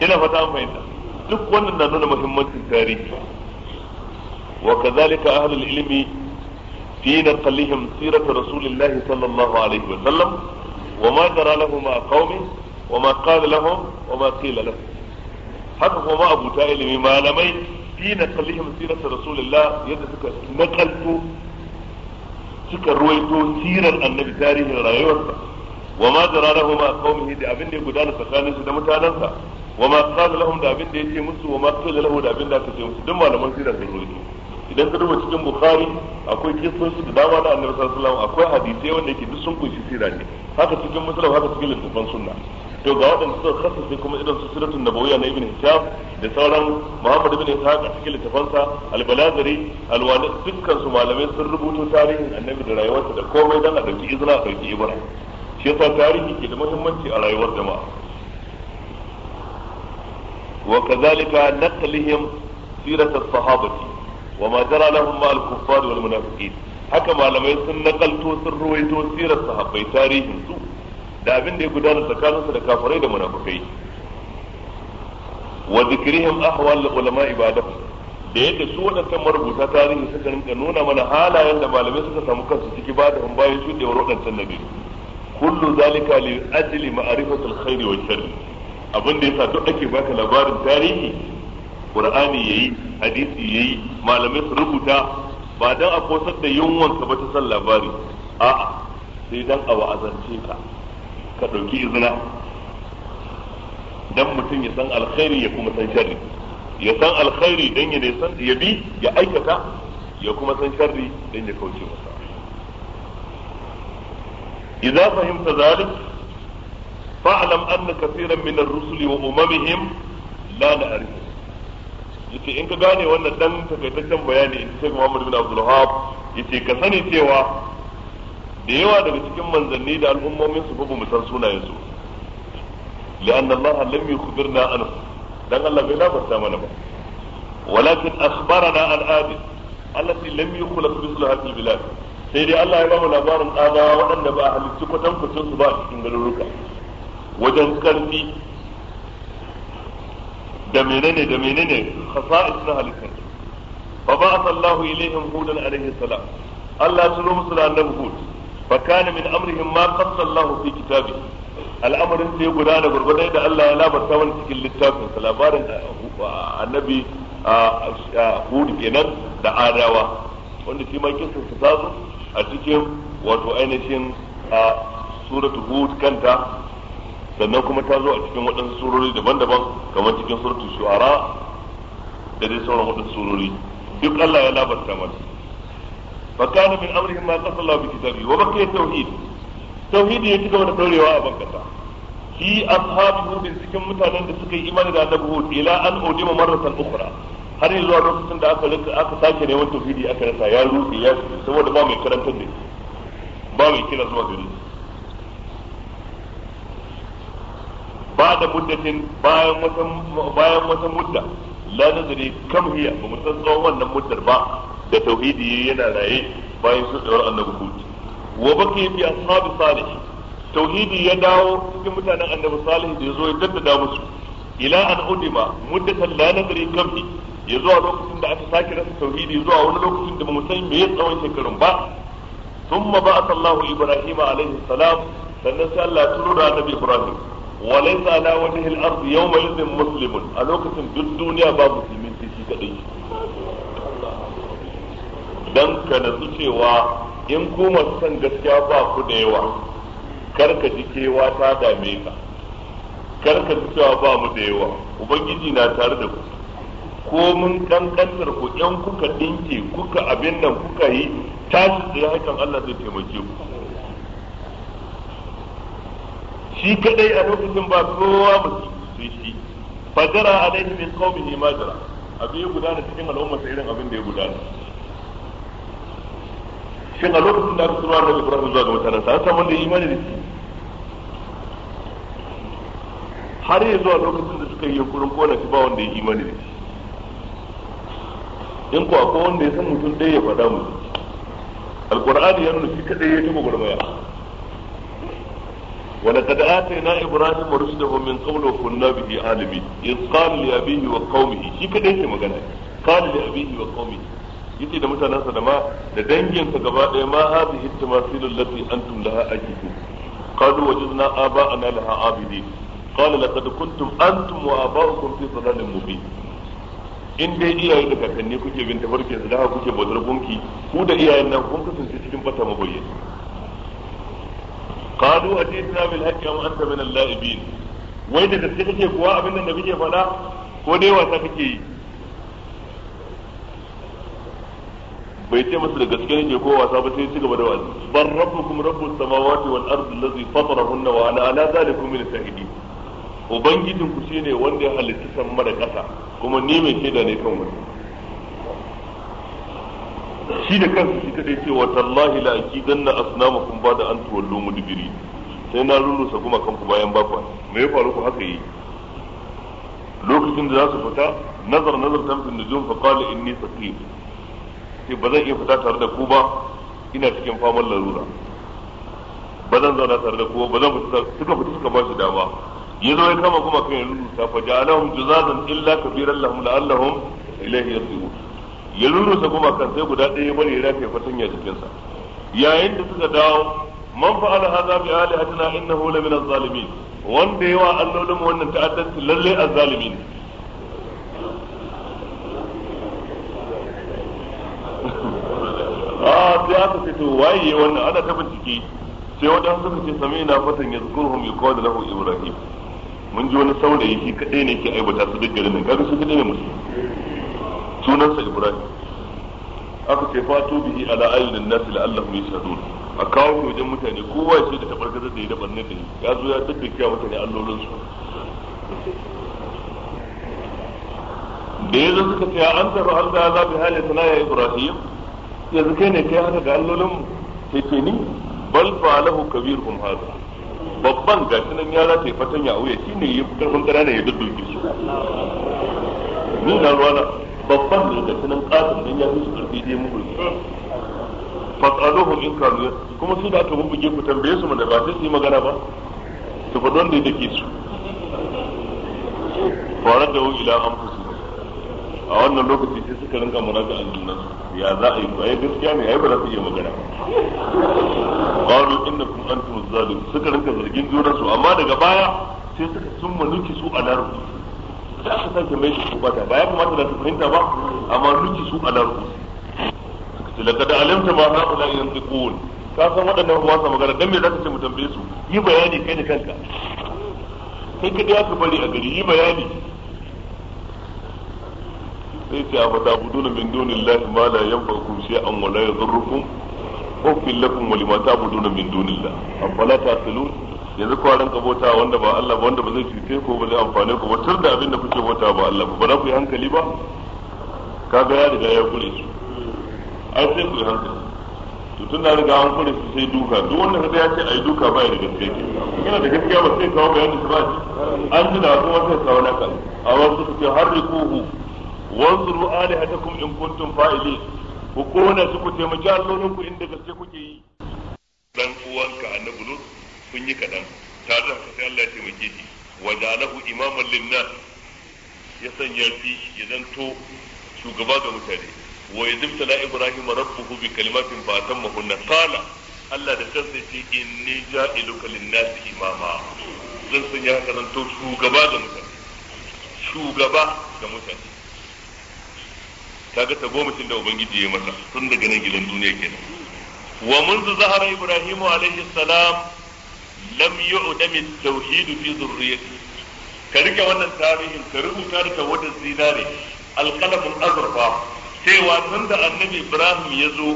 ina fata an fahimta duk wannan na nuna muhimmancin tarihi wa kazalika ahlul ilmi fi naqlihim siratu rasulillah sallallahu alaihi wa sallam wa ma jara lahu ma qaumi wa ma qala lahum wa ma qila lahum haka kuma abuta ilimi malamai fi naqlihim siratu rasulillah yadda suka naqalto suka ruwaito sirar annabi tarihin rayuwarsa wa ma jara lahu ma qaumihi da abin da ya gudana tsakaninsu da mutanansa wa ma qala lahum da abin da yace musu wa ma qala lahu da abin da aka ce musu duk malaman sirra sun rubuto idan ka duba cikin bukhari akwai kisoshi da dama na annabi sallallahu alaihi wasallam akwai hadisi wanda yake duk sun kunshi sirra ne haka cikin muslim haka cikin littafan sunna to ga waɗanda suka kasance kuma irin su siratun nabawiyya na ibn hisham da sauran muhammad ibn ishaq a cikin littafansa albalazari alwani dukkan su malamai sun rubuto tarihin annabi da rayuwarsa da komai dan a dauki izina a dauki ibra shi yasa tarihi ke da muhimmanci a rayuwar jama'a وكذلك نقلهم سيرة الصحابة وما جرى لهم مع الكفار والمنافقين حكم على ما nakalto نقل توسر رويتو سيرة الصحابة تاريخهم سوء دا da ya gudana tsakanin su da kafirai da munafikai wa da yadda su kan marubuta tarihi suka rinka nuna mana halayen da malamai suka samu kansu ciki ba da bayan shudewar wadannan nabi kullu zalika li ajli ma'rifatil khairi wa sharri abin da yasa duk ake baka labarin tarihi qur'ani yayi hadisi yayi malamai su rubuta ba dan a kosar da yunwan ka ba ta san labari a'a sai dan a wa'azance ka ka dauki izina dan mutum ya san alkhairi ya kuma san sharri ya san alkhairi dan ya san ya bi ya aikata ya kuma san sharri dan ya kauce masa idza fahimta zalik fa'lam anna kaseeran min ar-rusuli wa umamihim la na'rifu yace in ka gane wannan dan takaitaccen bayani in sai Muhammad bin Abdul Wahhab yace ka sani cewa da yawa daga cikin manzanni da al'ummomin su ba mu san sunayen su لأن الله لم يخبرنا عنه dan Allah bai labarta mana ba walakin akhbarana an adi allati lam yukhlaq mithluha fil bilad sai dai Allah ya bamu labarin ada waɗanda ba a halittu kwatan kwatan su ba cikin garuruka wajen karfi da menene da menene khasa'is na halittar fa ba sallahu ilaihim hudan alaihi salam Allah ya musu da annabi hud fa kana min amrihim ma qassallahu fi kitabi al'amarin sai guda da gurgurda da Allah ya labarta wani cikin littafin sa labarin uh, annabi uh, uh, hud kenan da adawa wanda shi ma kinsa su a cikin wato ainihin a suratul hud kanta sannan kuma ta zo a cikin waɗansu surori daban-daban kamar cikin suratul shu'ara da dai sauran waɗansu surori duk Allah ya labarta masu fa kana min amrihim ma qasalla bi kitabi wa baqiya tauhid tauhidi ya cigaba da dorewa a bankasa fi ashabu hudin cikin mutanen da suka yi imani da annabi hud ila an udima marratan ukhra har yanzu a lokacin da aka aka sake neman tauhidi aka rasa ya rufe ya saboda ba mai karantar da ba mai kira zuwa gare shi ba da muddatin bayan wata bayan wata la nazari kam hiya ba san tsawon wannan muddar ba da tauhidi yana raye bayan sun tsawar annabi hud wa baki bi ashabi salih tauhidi ya dawo cikin mutanen annabi salih da yazo ya daddada musu ila an udima muddatan la nadri kam hi ya zuwa lokacin da aka sake rasa tauhidi zuwa wani lokacin da mu san me ya tsawon shekarun ba thumma ba'atha Ibrahim alaihi sannan sai Allah ya turo Ibrahim wa na wani wajhi al-ard yawma a lokacin duk duniya ba musulmin sai shi kaɗai. dan ka na cewa in ku masu son gaskiya ba ku da yawa karka ka ta dame ka Karka ka cewa ba mu da yawa ubangiji na tare da ku ko mun kankantar ku yan kuka dinke kuka abin nan kuka yi tashi da hakan Allah zai taimake ku shi kadai a lokacin ba kowa su yi shi fajara alaihi min ma jara abin ya gudana cikin al'ummar sa irin abin da ya gudana shin a lokacin da aka suna da Ibrahim zuwa ga mutanen sa san wanda imani da shi har ya zuwa lokacin da suka yi yunkurin kona shi ba wanda ya imani da shi in ko akwai wanda ya san mutum ɗaya ya faɗa mu alƙur'ani ya nuna shi kaɗai ya taɓa gurmaya ولقد آتينا إبراهيم رشده من قبل وكنا به عالمين إذ قال لأبيه وقومه شي كده yake قال لأبيه وقومه yace da mutanensa da ma da danginsa gaba ɗaya ma hadhihi tamasilul lati antum laha akifun qalu wajadna aba'ana laha abidin qala laqad kuntum antum wa in dai iyaye da kakanni kuke bin tafarkin su da kuke bautar gunki ku da iyayen nan kun kasance cikin bata mabayyana qalu atina bil haqqi wa anta min al-la'ibin wai da gaske kake kuwa abin da nabi ke faɗa ko dai wasa kake yi bai ce musu da gaske ne ko wasa ba sai ci gaba da wa'azi bar rabbukum rabbus samawati wal ardi allazi fatarahunna wa ala ubangijin ku ne wanda ya halitta sama ƙasa kuma ni mai shaida ne kan shi da kansa shi kadai ce wa tallahi la aqidanna ba da an tuwallu mudbiri sai na rurrusa kuma kanku bayan bakwa me ya faru ku haka yi lokacin da za su fita nazar nazar tamsin nujum fa qala inni saqim sai ba zan iya fita tare da ku ba ina cikin faman larura ba zan zauna tare da ku ba zan fita suka fita suka ba shi dama ya zo ya kama kuma kan ya rurrusa fa ja'alahum juzazan illa kabiran lahum la'allahum ilayhi yarji'un ya rurrusa gumakan sai guda ɗaya bari ya rafe fatanya jikinsa yayin da suka dawo man fa'ala hadha bi alihatina innahu la min az-zalimin wanda yawa allolin wannan ta'addanci lalle az-zalimi ne ah, sai aka ce to waye wannan ana ta bincike sai wadansu suka ce sami na fatan yazkuruhum yuqad lahu ibrahim mun ji wani saurayi shi kadai ne ke aibata su duk garin nan kaga su kadai ne musulmi sunansa ibrahim aka ce fatu bihi ala ayyunin nasi la'allahu yashhadun a kawo shi wajen mutane kowa shi da tabar gazar da ya dabar da ya zo ya daddake wa mutane allolin su da ya suka ce an taro an da za bi hali sana ya ibrahim yanzu kai ne kai haka ga allolin mu sai ce ni bal fa lahu kabiruhum hada babban gashi nan ya rataye fatan ya auya shine ya karfin ƙanana ya shi. su ni na ruwana babban ne ga tunan katon nan ya fi su karfi zai mu burge fasaluhum in kanu kuma su da aka bubuge ku tambaye su mana ba sai su yi magana ba su faɗi wanda da ke su farar da ila amfusu a wannan lokaci sai suka rinka muraja a junan ya za a yi ba ai gaskiya ne ai ba za su iya magana qalu innakum antum zalim suka rinka zargin juna su amma daga baya sai suka sun nuki su a larabu da aka sake mai su bata ba ya kamata da su fahimta ba amma nuki su ala ruku suka ce laqad alimta ma haula yantiqun ka san waɗannan ruwa sa magana dan me zaka ce mu tambaye su yi bayani kai da kanka kai ka ya ka bari a gari yi bayani sai ce a fata buduna min dunillahi ma la yanfa'ukum shay'an wa la yadhurrukum uffil lakum wa lima ta'buduna min dunillah afala ta'qilun yanzu ko ran kabota wanda ba Allah ba wanda ba zai cuce ko ba zai amfane ku ba tarda da abin da kuke bota ba Allah ba za ku yi hankali ba kaga ya riga ya kure su ai sai ku yi hankali to tun da riga an kure su sai duka duk wanda kaga ya ce ai duka ba ya da gaskiya ke yana da gaskiya ba sai kawo bayanin shi ba shi an ji da wasu wata kawo na kan a wasu su ce har rikuhu wanzuru alihatakum in kuntum fa'ili ku kona su ku taimaki allolinku inda gaske kuke yi dan uwanka annabi lut kun yi kaɗan tare da haka sai Allah ya taimake shi wa ja'alahu imaman linnas ya sanya shi ya zanto shugaba ga mutane wa yadibtala ibrahim rabbuhu bi kalimatin fa tammahunna qala Allah da kansa ce inni ja'iluka linnas imama zan sanya haka zanto shugaba ga mutane shugaba ga mutane kaga ta goma da ubangiji ya masa tun daga nan gidan duniya kenan wa منذ zahara ibrahim alaihi salam lam min tauhid fi zurriyyati ka rike wannan tarihin ka rubuta da tawadda zinare alqalamin azrafa cewa tun da annabi ibrahim ya zo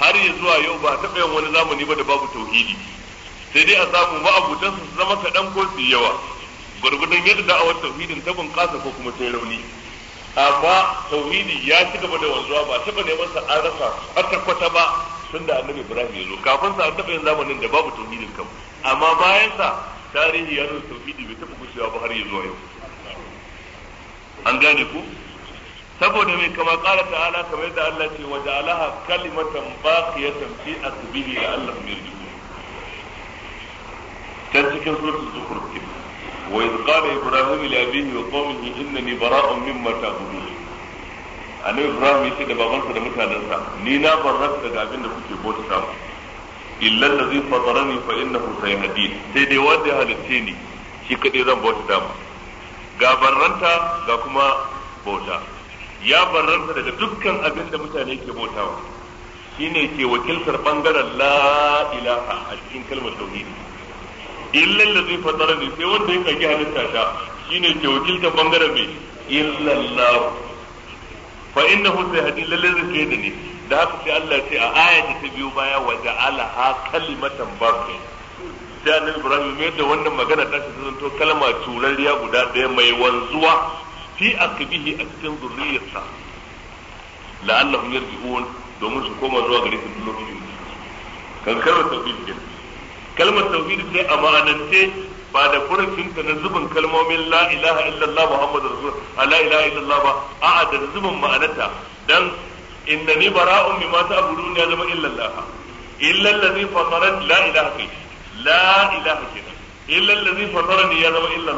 har ya zuwa yau ba taɓa yin wani zamani ba da babu tauhidi sai dai a samu ma'abutansa su zama kaɗan ko su yawa gwargwadon yadda da'awar tauhidin ta bunƙasa ko kuma ta rauni amma tauhidi ya ci gaba da wanzuwa ba taɓa neman sa an rasa kwata-kwata ba tun da annabi ibrahim ya zo kafin sa an taɓa yin zamanin da babu tauhidin kanmu amma sa tarihi ya nuna tauhidi bai taɓa gushewa ba har ya zuwa yau an gane ku saboda mai kama ƙara ta'ala kamar yadda Allah ce wa ja'alaha kalimatan baqiyatan fi asbihi mai yarji'un kan cikin suratul zukhruf ke wa idh qala ibrahim li abihi wa qawmihi innani bara'un mimma ta'budun annabi ibrahim yace da babansa da mutanansa ni na barrata daga abin da kuke bauta illa allazi fatarani fa innahu sayhadin sai dai wanda ya halitte ni shi kadai zan bauta dama ga barranta ga kuma bauta ya barranta daga dukkan abin da mutane ke bautawa shine ke wakiltar bangaren la ilaha a cikin kalmar tauhidi illa allazi fatarani sai wanda ya halitta ta shine ke wakiltar bangaren mai illa allah fa innahu hadi lallai zai sai da ni da haka sai Allah ya ce a ayati ta biyo baya wa ja'ala ha kalimatan baqi sai annabi Ibrahim mai da wannan magana ta ta zanto kalma turariya guda daya mai wanzuwa fi aqbihi a cikin zurriyarsa la'allahum yarji'un domin su koma zuwa gare su lokacin kan kalmar tauhid kalmar tauhid sai amanance ba da furfin ta na zubin kalmomin la ilaha illallah muhammadu rasul la ilaha illallah ba a'a da zubin ma'anarta dan innani bara'un mimma ta'budun ya zama illallah illa allazi fatarat la ilaha illa la ilaha illa allazi fatarani ya zama illallah.